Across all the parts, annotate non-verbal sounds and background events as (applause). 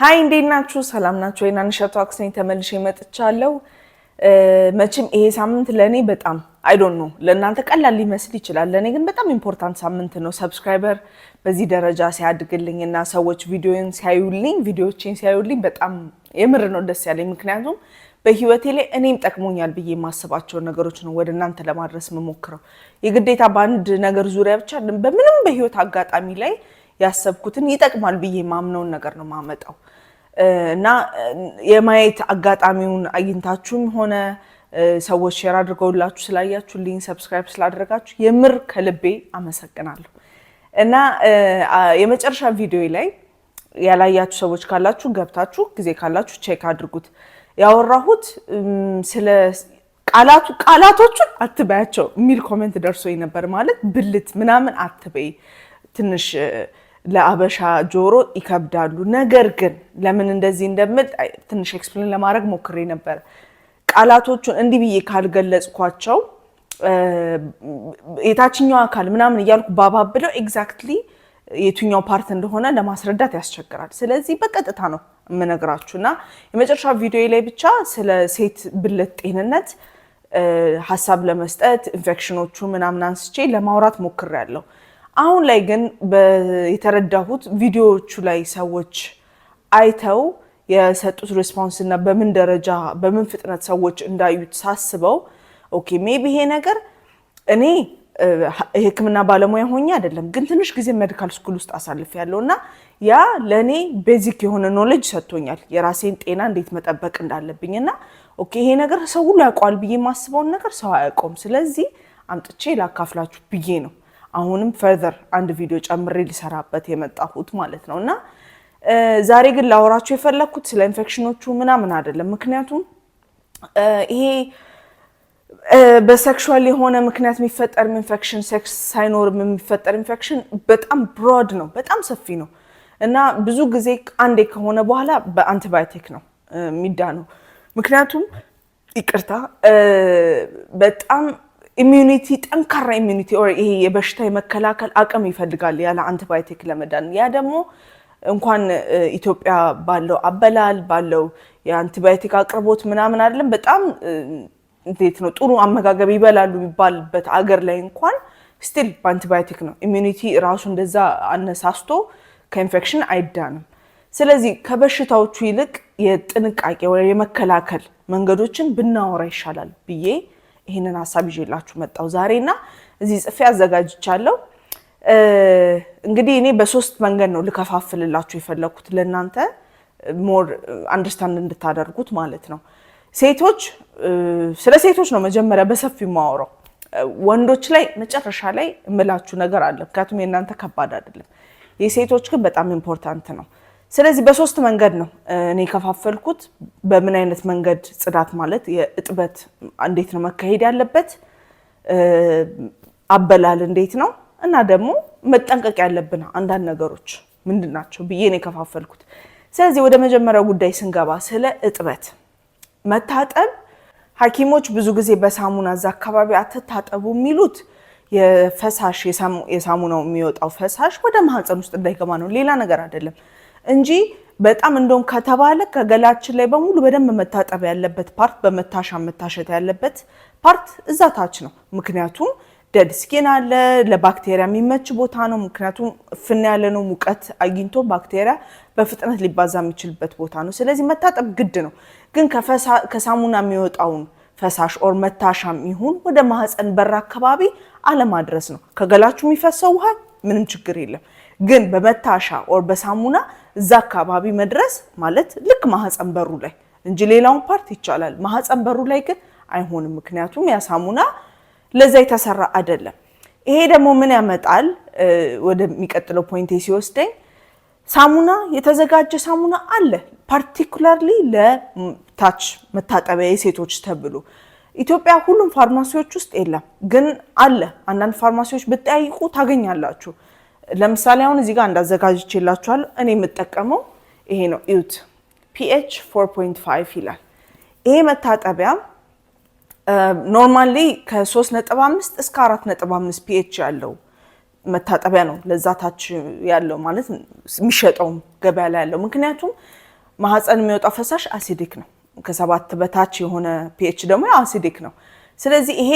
ሀይ እንዴት ናችሁ? ሰላም ናችሁ? ወይና ንሸቱ አክስኔ ተመልሼ መጥቻለሁ። መቼም ይሄ ሳምንት ለእኔ በጣም አይዶን ነው። ለእናንተ ቀላል ሊመስል ይችላል፣ ለእኔ ግን በጣም ኢምፖርታንት ሳምንት ነው። ሰብስክራይበር በዚህ ደረጃ ሲያድግልኝ እና ሰዎች ቪዲዮን ሲያዩልኝ፣ ቪዲዮዎችን ሲያዩልኝ በጣም የምር ነው ደስ ያለኝ። ምክንያቱም በህይወቴ ላይ እኔም ጠቅሞኛል ብዬ የማስባቸውን ነገሮች ነው ወደ እናንተ ለማድረስ የምሞክረው። የግዴታ በአንድ ነገር ዙሪያ ብቻ በምንም በህይወት አጋጣሚ ላይ ያሰብኩትን ይጠቅማል ብዬ ማምነውን ነገር ነው ማመጣው እና የማየት አጋጣሚውን አግኝታችሁም ሆነ ሰዎች ሼር አድርገውላችሁ ልኝ ሰብስክራይብ ስላደረጋችሁ የምር ከልቤ አመሰግናለሁ። እና የመጨረሻ ቪዲዮ ላይ ያላያችሁ ሰዎች ካላችሁ ገብታችሁ ጊዜ ካላችሁ ቼክ አድርጉት። ያወራሁት ስለ ቃላቱ ቃላቶቹን አትበያቸው የሚል ኮሜንት ደርሶኝ ነበር። ማለት ብልት ምናምን አትበይ ትንሽ ለአበሻ ጆሮ ይከብዳሉ። ነገር ግን ለምን እንደዚህ እንደምል ትንሽ ኤክስፕሌን ለማድረግ ሞክሬ ነበር። ቃላቶቹን እንዲህ ብዬ ካልገለጽኳቸው የታችኛው አካል ምናምን እያልኩ ባባብለው ኤግዛክትሊ የትኛው ፓርት እንደሆነ ለማስረዳት ያስቸግራል። ስለዚህ በቀጥታ ነው የምነግራችሁ እና የመጨረሻ ቪዲዮ ላይ ብቻ ስለ ሴት ብልት ጤንነት ሀሳብ ለመስጠት ኢንፌክሽኖቹ ምናምን አንስቼ ለማውራት ሞክሬያለሁ። አሁን ላይ ግን የተረዳሁት ቪዲዮዎቹ ላይ ሰዎች አይተው የሰጡት ሬስፖንስ እና በምን ደረጃ በምን ፍጥነት ሰዎች እንዳዩት ሳስበው፣ ኦኬ ሜቢ ይሄ ነገር እኔ የሕክምና ባለሙያ ሆኜ አይደለም፣ ግን ትንሽ ጊዜ ሜዲካል ስኩል ውስጥ አሳልፍ ያለው እና ያ ለእኔ ቤዚክ የሆነ ኖሌጅ ሰጥቶኛል፣ የራሴን ጤና እንዴት መጠበቅ እንዳለብኝ እና ኦኬ ይሄ ነገር ሰው ሁሉ ያውቀዋል ብዬ የማስበውን ነገር ሰው አያውቀውም፣ ስለዚህ አምጥቼ ላካፍላችሁ ብዬ ነው። አሁንም ፈርዘር አንድ ቪዲዮ ጨምሬ ሊሰራበት የመጣሁት ማለት ነው እና ዛሬ ግን ላወራችሁ የፈለግኩት ስለ ኢንፌክሽኖቹ ምናምን አይደለም። ምክንያቱም ይሄ በሴክሹዋል የሆነ ምክንያት የሚፈጠርም ኢንፌክሽን፣ ሴክስ ሳይኖርም የሚፈጠር ኢንፌክሽን በጣም ብሮድ ነው፣ በጣም ሰፊ ነው እና ብዙ ጊዜ አንዴ ከሆነ በኋላ በአንቲባዮቲክ ነው የሚዳነው። ምክንያቱም ይቅርታ በጣም ኢሚዩኒቲ ጠንካራ ኢሚዩኒቲ ኦር ይሄ የበሽታ የመከላከል አቅም ይፈልጋል ያለ አንቲባዮቲክ ለመዳን። ያ ደግሞ እንኳን ኢትዮጵያ ባለው አበላል ባለው የአንቲባዮቲክ አቅርቦት ምናምን አይደለም፣ በጣም እንዴት ነው ጥሩ አመጋገብ ይበላሉ የሚባልበት አገር ላይ እንኳን ስቲል በአንቲባዮቲክ ነው ኢሚዩኒቲ ራሱ እንደዛ አነሳስቶ ከኢንፌክሽን አይዳንም። ስለዚህ ከበሽታዎቹ ይልቅ የጥንቃቄ ወይ የመከላከል መንገዶችን ብናወራ ይሻላል ብዬ ይህንን ሀሳብ ይዤላችሁ መጣሁ ዛሬ እና እዚህ ጽፌ አዘጋጅቻለሁ። እንግዲህ እኔ በሶስት መንገድ ነው ልከፋፍልላችሁ የፈለኩት ለእናንተ ሞር አንደርስታንድ እንድታደርጉት ማለት ነው። ሴቶች ስለ ሴቶች ነው መጀመሪያ በሰፊው የማወራው። ወንዶች ላይ መጨረሻ ላይ እምላችሁ ነገር አለ፣ ምክንያቱም የእናንተ ከባድ አይደለም። የሴቶች ግን በጣም ኢምፖርታንት ነው። ስለዚህ በሶስት መንገድ ነው እኔ የከፋፈልኩት። በምን አይነት መንገድ ጽዳት ማለት የእጥበት እንዴት ነው መካሄድ ያለበት፣ አበላል እንዴት ነው እና ደግሞ መጠንቀቅ ያለብን አንዳንድ ነገሮች ምንድን ናቸው ብዬ ነው የከፋፈልኩት። ስለዚህ ወደ መጀመሪያው ጉዳይ ስንገባ ስለ እጥበት መታጠብ፣ ሐኪሞች ብዙ ጊዜ በሳሙና እዛ አካባቢ አትታጠቡ የሚሉት የፈሳሽ የሳሙናው የሚወጣው ፈሳሽ ወደ ማህፀን ውስጥ እንዳይገባ ነው፣ ሌላ ነገር አይደለም። እንጂ በጣም እንደውም ከተባለ ከገላችን ላይ በሙሉ በደንብ መታጠብ ያለበት ፓርት በመታሻ መታሸት ያለበት ፓርት እዛ ታች ነው። ምክንያቱም ደድ ስኪን አለ፣ ለባክቴሪያ የሚመች ቦታ ነው። ምክንያቱም እፍን ያለ ነው፣ ሙቀት አግኝቶ ባክቴሪያ በፍጥነት ሊባዛ የሚችልበት ቦታ ነው። ስለዚህ መታጠብ ግድ ነው። ግን ከሳሙና የሚወጣውን ፈሳሽ ኦር መታሻም ይሁን ወደ ማህፀን በር አካባቢ አለማድረስ ነው። ከገላችሁ የሚፈሰው ውሃ ምንም ችግር የለም። ግን በመታሻ ኦር በሳሙና እዛ አካባቢ መድረስ ማለት ልክ ማህፀን በሩ ላይ እንጂ ሌላውን ፓርት ይቻላል። ማህፀን በሩ ላይ ግን አይሆንም። ምክንያቱም ያ ሳሙና ለዛ የተሰራ አይደለም። ይሄ ደግሞ ምን ያመጣል? ወደሚቀጥለው ፖይንቴ ሲወስደኝ ሳሙና የተዘጋጀ ሳሙና አለ፣ ፓርቲኩላርሊ ለታች መታጠቢያ የሴቶች ተብሎ ኢትዮጵያ ሁሉም ፋርማሲዎች ውስጥ የለም፣ ግን አለ። አንዳንድ ፋርማሲዎች ብትጠይቁ ታገኛላችሁ። ለምሳሌ አሁን እዚህ ጋር እንዳዘጋጅቼላችኋለሁ እኔ የምጠቀመው ይሄ ነው። ዩት ፒኤች 4.5 ይላል። ይሄ መታጠቢያ ኖርማሊ ከ3.5 እስከ 4.5 ፒኤች ያለው መታጠቢያ ነው። ለዛ ታች ያለው ማለት የሚሸጠውም ገበያ ላይ ያለው ምክንያቱም ማህፀን የሚወጣው ፈሳሽ አሲዲክ ነው። ከሰባት በታች የሆነ ፒኤች ደግሞ አሲዲክ ነው። ስለዚህ ይሄ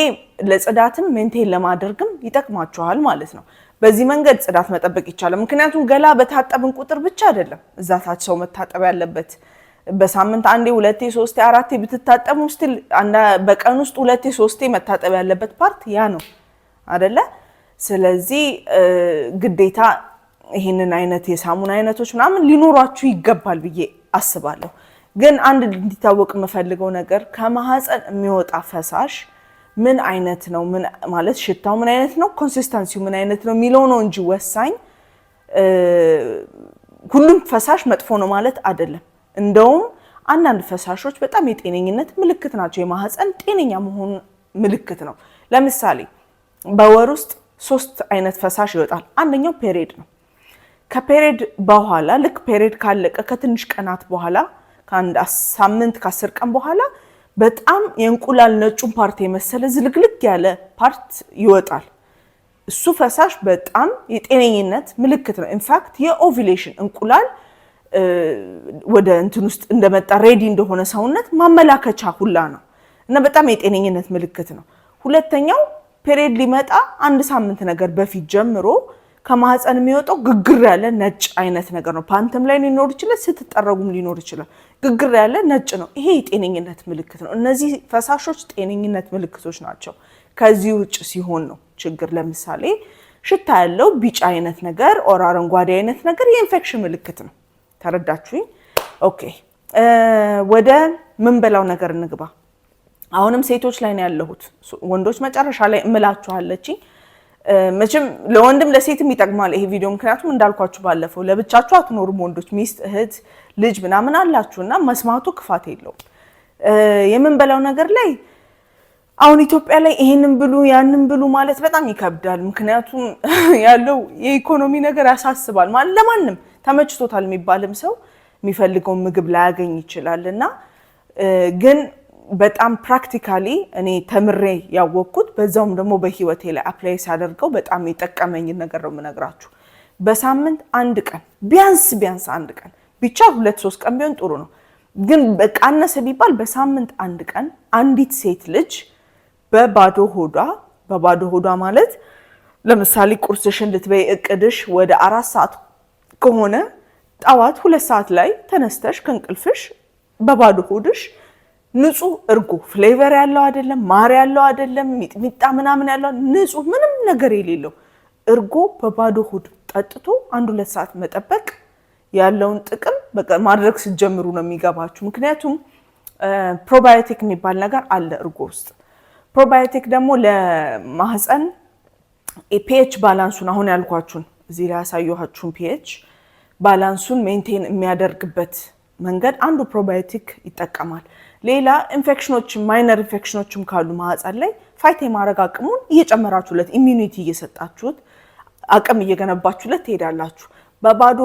ለጽዳትም ሜንቴን ለማድረግም ይጠቅማችኋል ማለት ነው። በዚህ መንገድ ጽዳት መጠበቅ ይቻላል። ምክንያቱም ገላ በታጠብን ቁጥር ብቻ አይደለም እዛ ታች ሰው መታጠብ ያለበት። በሳምንት አንዴ ሁለቴ ሶስቴ አራቴ ብትታጠቡ ስቲል በቀን ውስጥ ሁለቴ ሶስቴ መታጠብ ያለበት ፓርት ያ ነው አደለ? ስለዚህ ግዴታ ይህንን አይነት የሳሙና አይነቶች ምናምን ሊኖሯችሁ ይገባል ብዬ አስባለሁ። ግን አንድ እንዲታወቅ የምፈልገው ነገር ከማህፀን የሚወጣ ፈሳሽ ምን አይነት ነው ማለት ሽታው ምን አይነት ነው፣ ኮንሲስተንሲው ምን አይነት ነው የሚለው ነው እንጂ ወሳኝ። ሁሉም ፈሳሽ መጥፎ ነው ማለት አይደለም። እንደውም አንዳንድ ፈሳሾች በጣም የጤነኝነት ምልክት ናቸው። የማህፀን ጤነኛ መሆን ምልክት ነው። ለምሳሌ በወር ውስጥ ሶስት አይነት ፈሳሽ ይወጣል። አንደኛው ፔሬድ ነው። ከፔሬድ በኋላ ልክ ፔሬድ ካለቀ ከትንሽ ቀናት በኋላ ከአንድ ሳምንት ከአስር ቀን በኋላ በጣም የእንቁላል ነጩን ፓርት የመሰለ ዝልግልግ ያለ ፓርት ይወጣል። እሱ ፈሳሽ በጣም የጤነኝነት ምልክት ነው። ኢንፋክት የኦቪሌሽን እንቁላል ወደ እንትን ውስጥ እንደመጣ ሬዲ እንደሆነ ሰውነት ማመላከቻ ሁላ ነው እና በጣም የጤነኝነት ምልክት ነው። ሁለተኛው ፔሬድ ሊመጣ አንድ ሳምንት ነገር በፊት ጀምሮ ከማህፀን የሚወጣው ግግር ያለ ነጭ አይነት ነገር ነው። ፓንትም ላይ ሊኖር ይችላል፣ ስትጠረጉም ሊኖር ይችላል። ግግር ያለ ነጭ ነው። ይሄ የጤነኝነት ምልክት ነው። እነዚህ ፈሳሾች ጤነኝነት ምልክቶች ናቸው። ከዚህ ውጭ ሲሆን ነው ችግር። ለምሳሌ ሽታ ያለው ቢጫ አይነት ነገር ኦር አረንጓዴ አይነት ነገር የኢንፌክሽን ምልክት ነው። ተረዳችሁኝ? ኦኬ፣ ወደ ምንበላው ነገር እንግባ። አሁንም ሴቶች ላይ ነው ያለሁት። ወንዶች መጨረሻ ላይ እምላችኋለችኝ መቼም ለወንድም ለሴትም ይጠቅማል ይሄ ቪዲዮ። ምክንያቱም እንዳልኳችሁ ባለፈው ለብቻችሁ አትኖሩም ወንዶች፣ ሚስት፣ እህት፣ ልጅ ምናምን አላችሁ እና መስማቱ ክፋት የለውም። የምንበላው ነገር ላይ አሁን ኢትዮጵያ ላይ ይሄንን ብሉ ያንን ብሉ ማለት በጣም ይከብዳል። ምክንያቱም (laughs) ያለው የኢኮኖሚ ነገር ያሳስባል። ለማንም ተመችቶታል የሚባልም ሰው የሚፈልገውን ምግብ ላያገኝ ይችላል እና ግን በጣም ፕራክቲካሊ እኔ ተምሬ ያወቅኩት በዛውም ደግሞ በህይወቴ ላይ አፕላይ ሲያደርገው በጣም የጠቀመኝ ነገር ነው የምነግራችሁ። በሳምንት አንድ ቀን ቢያንስ ቢያንስ አንድ ቀን ብቻ ሁለት ሶስት ቀን ቢሆን ጥሩ ነው፣ ግን በቃነሰ ቢባል በሳምንት አንድ ቀን አንዲት ሴት ልጅ በባዶ ሆዷ በባዶ ሆዷ ማለት ለምሳሌ ቁርስሽን ልትበይ እቅድሽ ወደ አራት ሰዓት ከሆነ ጠዋት ሁለት ሰዓት ላይ ተነስተሽ ከእንቅልፍሽ በባዶ ሆድሽ ንጹህ እርጎ ፍሌቨር ያለው አይደለም፣ ማር ያለው አይደለም፣ ሚጥሚጣ ምናምን ያለው ንጹህ ምንም ነገር የሌለው እርጎ በባዶ ሆድ ጠጥቶ አንድ ሁለት ሰዓት መጠበቅ ያለውን ጥቅም ማድረግ ስትጀምሩ ነው የሚገባችሁ። ምክንያቱም ፕሮባዮቲክ የሚባል ነገር አለ እርጎ ውስጥ። ፕሮባዮቲክ ደግሞ ለማህፀን ፒኤች ባላንሱን አሁን ያልኳችሁን እዚህ ላይ ያሳየኋችሁን ፒኤች ባላንሱን ሜንቴን የሚያደርግበት መንገድ አንዱ ፕሮባዮቲክ ይጠቀማል። ሌላ ኢንፌክሽኖችም ማይነር ኢንፌክሽኖችም ካሉ ማህፀን ላይ ፋይት የማድረግ አቅሙን እየጨመራችሁለት ኢሚኒቲ እየሰጣችሁት አቅም እየገነባችሁለት ትሄዳላችሁ። በባዶ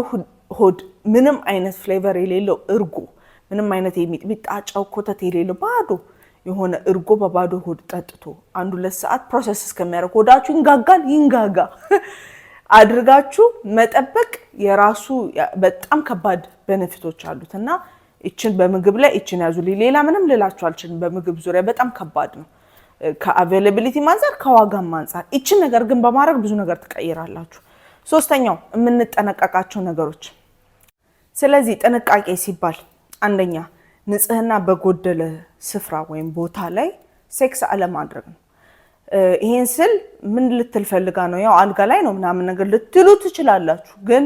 ሆድ ምንም አይነት ፍሌቨር የሌለው እርጎ፣ ምንም አይነት የሚጥሚጣ ጨው፣ ኮተት የሌለው ባዶ የሆነ እርጎ በባዶ ሆድ ጠጥቶ አንድ ሁለት ሰዓት ፕሮሰስ እስከሚያደርግ ሆዳችሁ ይንጋጋል ይንጋጋ አድርጋችሁ መጠበቅ የራሱ በጣም ከባድ በነፊቶች አሉት እና ይችን በምግብ ላይ ይችን ያዙልኝ። ሌላ ምንም ልላችሁ አልችልም። በምግብ ዙሪያ በጣም ከባድ ነው፣ ከአቬይላብሊቲ አንጻር፣ ከዋጋም አንጻር። ይችን ነገር ግን በማድረግ ብዙ ነገር ትቀይራላችሁ። ሶስተኛው የምንጠነቀቃቸው ነገሮች። ስለዚህ ጥንቃቄ ሲባል አንደኛ ንጽህና በጎደለ ስፍራ ወይም ቦታ ላይ ሴክስ አለማድረግ ነው። ይሄን ስል ምን ልትል ፈልጋ ነው? ያው አልጋ ላይ ነው ምናምን ነገር ልትሉ ትችላላችሁ። ግን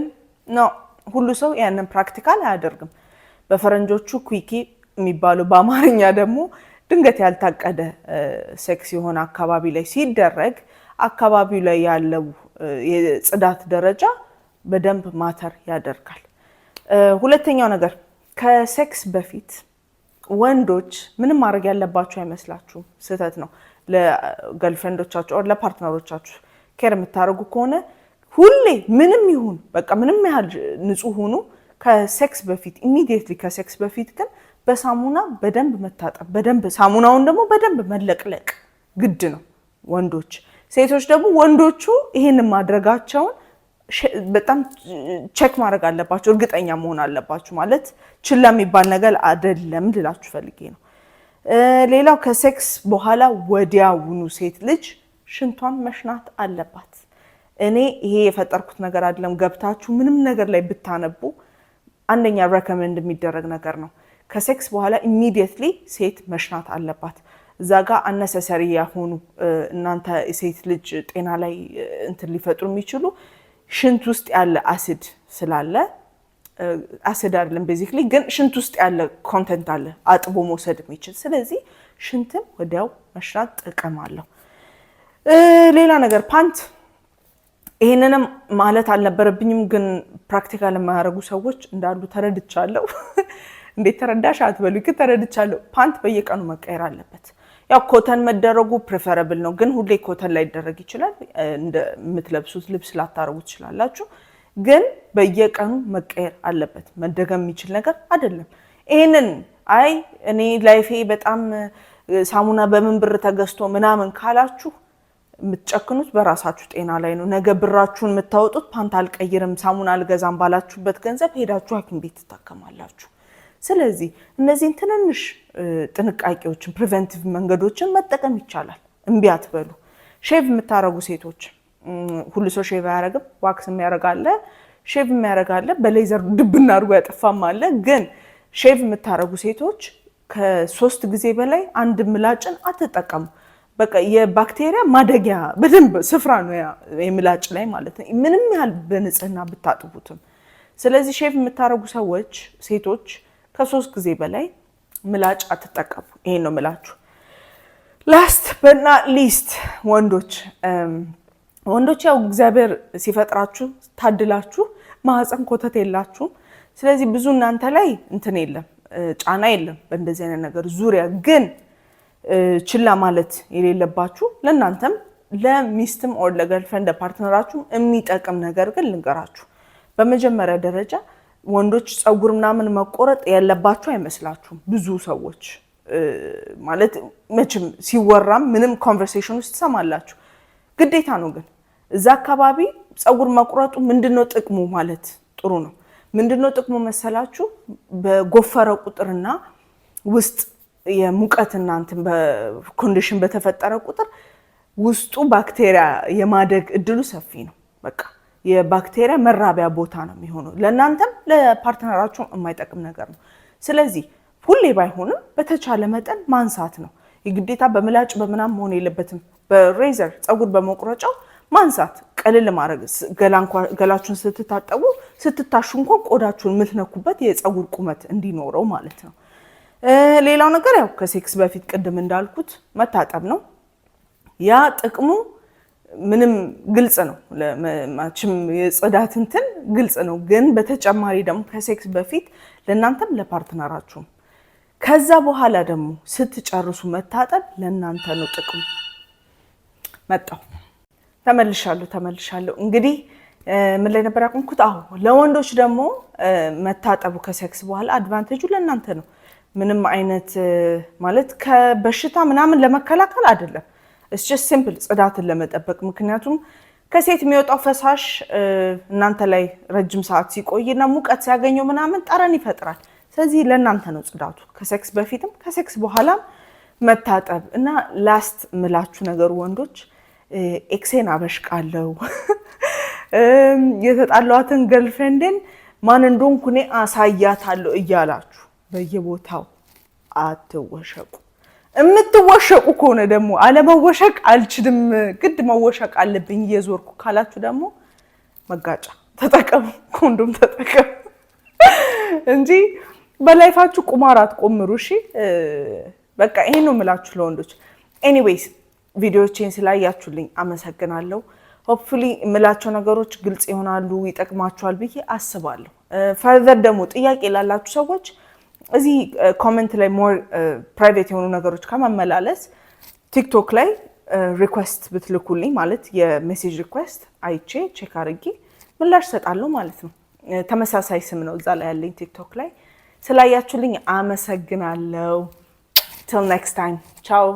ነው ሁሉ ሰው ያንን ፕራክቲካል አያደርግም። በፈረንጆቹ ኩኪ የሚባለው በአማርኛ ደግሞ ድንገት ያልታቀደ ሴክስ የሆነ አካባቢ ላይ ሲደረግ አካባቢው ላይ ያለው የጽዳት ደረጃ በደንብ ማተር ያደርጋል። ሁለተኛው ነገር ከሴክስ በፊት ወንዶች ምንም ማድረግ ያለባችሁ አይመስላችሁም። ስህተት ነው። ለገልፍሬንዶቻችሁ ኦር ለፓርትነሮቻችሁ ኬር የምታደርጉ ከሆነ ሁሌ ምንም ይሁን በቃ ምንም ያህል ንጹህ ሁኑ፣ ከሴክስ በፊት ኢሚዲየትሊ ከሴክስ በፊት ግን በሳሙና በደንብ መታጠብ በደንብ ሳሙናውን ደግሞ በደንብ መለቅለቅ ግድ ነው ወንዶች። ሴቶች ደግሞ ወንዶቹ ይህንን ማድረጋቸውን በጣም ቼክ ማድረግ አለባቸው፣ እርግጠኛ መሆን አለባቸው። ማለት ችላ የሚባል ነገር አይደለም ልላችሁ ፈልጌ ነው። ሌላው ከሴክስ በኋላ ወዲያውኑ ሴት ልጅ ሽንቷን መሽናት አለባት። እኔ ይሄ የፈጠርኩት ነገር አይደለም። ገብታችሁ ምንም ነገር ላይ ብታነቡ አንደኛ ረከመንድ የሚደረግ ነገር ነው። ከሴክስ በኋላ ኢሚዲየትሊ ሴት መሽናት አለባት። እዛ ጋር አነሰሰሪ ያሆኑ እናንተ ሴት ልጅ ጤና ላይ እንትን ሊፈጥሩ የሚችሉ ሽንት ውስጥ ያለ አሲድ ስላለ አሲድ አይደለም ቤዚክሊ፣ ግን ሽንት ውስጥ ያለ ኮንተንት አለ አጥቦ መውሰድ የሚችል ስለዚህ ሽንትም ወዲያው መሽናት ጥቅም አለው። ሌላ ነገር ፓንት ይህንንም ማለት አልነበረብኝም፣ ግን ፕራክቲካል የማያደርጉ ሰዎች እንዳሉ ተረድቻለሁ። (laughs) እንዴት ተረዳሽ አትበሉ፣ ግን ተረድቻለሁ። ፓንት በየቀኑ መቀየር አለበት። ያው ኮተን መደረጉ ፕሬፈረብል ነው፣ ግን ሁሌ ኮተን ላይደረግ ይችላል። የምትለብሱት ልብስ ላታረጉ ትችላላችሁ፣ ግን በየቀኑ መቀየር አለበት። መደገም የሚችል ነገር አይደለም። ይህንን አይ እኔ ላይፌ በጣም ሳሙና በምን ብር ተገዝቶ ምናምን ካላችሁ የምትጨክኑት በራሳችሁ ጤና ላይ ነው። ነገ ብራችሁን የምታወጡት ፓንት አልቀይርም፣ ሳሙና አልገዛም ባላችሁበት ገንዘብ ሄዳችሁ ሐኪም ቤት ትታከማላችሁ። ስለዚህ እነዚህን ትንንሽ ጥንቃቄዎችን ፕሪቨንቲቭ መንገዶችን መጠቀም ይቻላል። እምቢ አትበሉ። ሼቭ የምታረጉ ሴቶች ሁሉ ሰው ሼቭ አያረግም። ዋክስ የሚያረጋለ ሼቭ የሚያረጋለ በሌዘር ድብ እናድርጎ ያጠፋም አለ። ግን ሼቭ የምታረጉ ሴቶች ከሶስት ጊዜ በላይ አንድ ምላጭን አትጠቀሙ። በቃ የባክቴሪያ ማደጊያ በደንብ ስፍራ ነው የምላጭ ላይ ማለት ነው፣ ምንም ያህል በንጽህና ብታጥቡትም። ስለዚህ ሼፍ የምታደርጉ ሰዎች ሴቶች ከሶስት ጊዜ በላይ ምላጭ አትጠቀሙ። ይሄን ነው ምላችሁ። ላስት በና ሊስት ወንዶች ወንዶች ያው እግዚአብሔር ሲፈጥራችሁ ታድላችሁ፣ ማህፀን ኮተት የላችሁም። ስለዚህ ብዙ እናንተ ላይ እንትን የለም ጫና የለም በእንደዚህ አይነት ነገር ዙሪያ ግን ችላ ማለት የሌለባችሁ ለእናንተም ለሚስትም ኦር ለገርልፍሬንድ ለፓርትነራችሁም የሚጠቅም ነገር ግን ልንገራችሁ። በመጀመሪያ ደረጃ ወንዶች ፀጉር ምናምን መቆረጥ ያለባችሁ አይመስላችሁም። ብዙ ሰዎች ማለት መቼም ሲወራም ምንም ኮንቨርሴሽን ውስጥ ትሰማላችሁ። ግዴታ ነው ግን እዛ አካባቢ ፀጉር መቁረጡ ምንድነው ጥቅሙ ማለት ጥሩ ነው። ምንድነው ጥቅሙ መሰላችሁ? በጎፈረ ቁጥርና ውስጥ የሙቀት እናንትን ኮንዲሽን በተፈጠረ ቁጥር ውስጡ ባክቴሪያ የማደግ እድሉ ሰፊ ነው። በቃ የባክቴሪያ መራቢያ ቦታ ነው የሚሆነው። ለእናንተም ለፓርትነራችሁ የማይጠቅም ነገር ነው። ስለዚህ ሁሌ ባይሆንም በተቻለ መጠን ማንሳት ነው የግዴታ። በምላጭ በምናም መሆን የለበትም። በሬዘር ፀጉር በመቁረጫው ማንሳት ቀልል ማድረግ ገላችሁን ስትታጠቡ ስትታሹ እንኳን ቆዳችሁን የምትነኩበት የፀጉር ቁመት እንዲኖረው ማለት ነው። ሌላው ነገር ያው ከሴክስ በፊት ቅድም እንዳልኩት መታጠብ ነው። ያ ጥቅሙ ምንም ግልጽ ነው። ለማችም የጽዳት እንትን ግልጽ ነው። ግን በተጨማሪ ደግሞ ከሴክስ በፊት ለእናንተም ለፓርትነራችሁም ከዛ በኋላ ደግሞ ስትጨርሱ መታጠብ ለእናንተ ነው ጥቅሙ። መጣሁ ተመልሻለሁ ተመልሻለሁ። እንግዲህ ምን ላይ ነበር ያቆምኩት? አሁ ለወንዶች ደግሞ መታጠቡ ከሴክስ በኋላ አድቫንቴጁ ለእናንተ ነው። ምንም አይነት ማለት ከበሽታ ምናምን ለመከላከል አይደለም። እስ ሲምፕል ጽዳትን ለመጠበቅ ምክንያቱም ከሴት የሚወጣው ፈሳሽ እናንተ ላይ ረጅም ሰዓት ሲቆይና ሙቀት ሲያገኘው ምናምን ጠረን ይፈጥራል። ስለዚህ ለእናንተ ነው ጽዳቱ። ከሴክስ በፊትም ከሴክስ በኋላም መታጠብ እና ላስት ምላችሁ ነገር ወንዶች ኤክሴን አበሽቃለው የተጣለዋትን ገልፍሬንዴን ማን እንደሆንኩ እኔ አሳያታለሁ እያላችሁ በየቦታው አትወሸቁ። የምትወሸቁ ከሆነ ደግሞ አለመወሸቅ አልችልም ግድ መወሸቅ አለብኝ እየዞርኩ ካላችሁ ደግሞ መጋጫ ተጠቀሙ፣ ኮንዶም ተጠቀሙ (laughs) እንጂ በላይፋችሁ ቁማር አትቆምሩ። እሺ በቃ ይሄን ነው የምላችሁ ለወንዶች። ኤኒዌይስ ቪዲዮዎችን ስላያችሁልኝ አመሰግናለሁ። ሆፕፉሊ የምላቸው ነገሮች ግልጽ ይሆናሉ፣ ይጠቅማችኋል ብዬ አስባለሁ። ፈርዘር ደግሞ ጥያቄ ላላችሁ ሰዎች እዚህ ኮመንት ላይ ሞር ፕራይቬት የሆኑ ነገሮች ከመመላለስ ቲክቶክ ላይ ሪኩዌስት ብትልኩልኝ ማለት የሜሴጅ ሪኩዌስት አይቼ ቼክ አድርጌ ምላሽ ሰጣለሁ ማለት ነው። ተመሳሳይ ስም ነው እዛ ላይ ያለኝ ቲክቶክ ላይ። ስላያችሁልኝ አመሰግናለሁ። ቲል ኔክስት ታይም ቻው።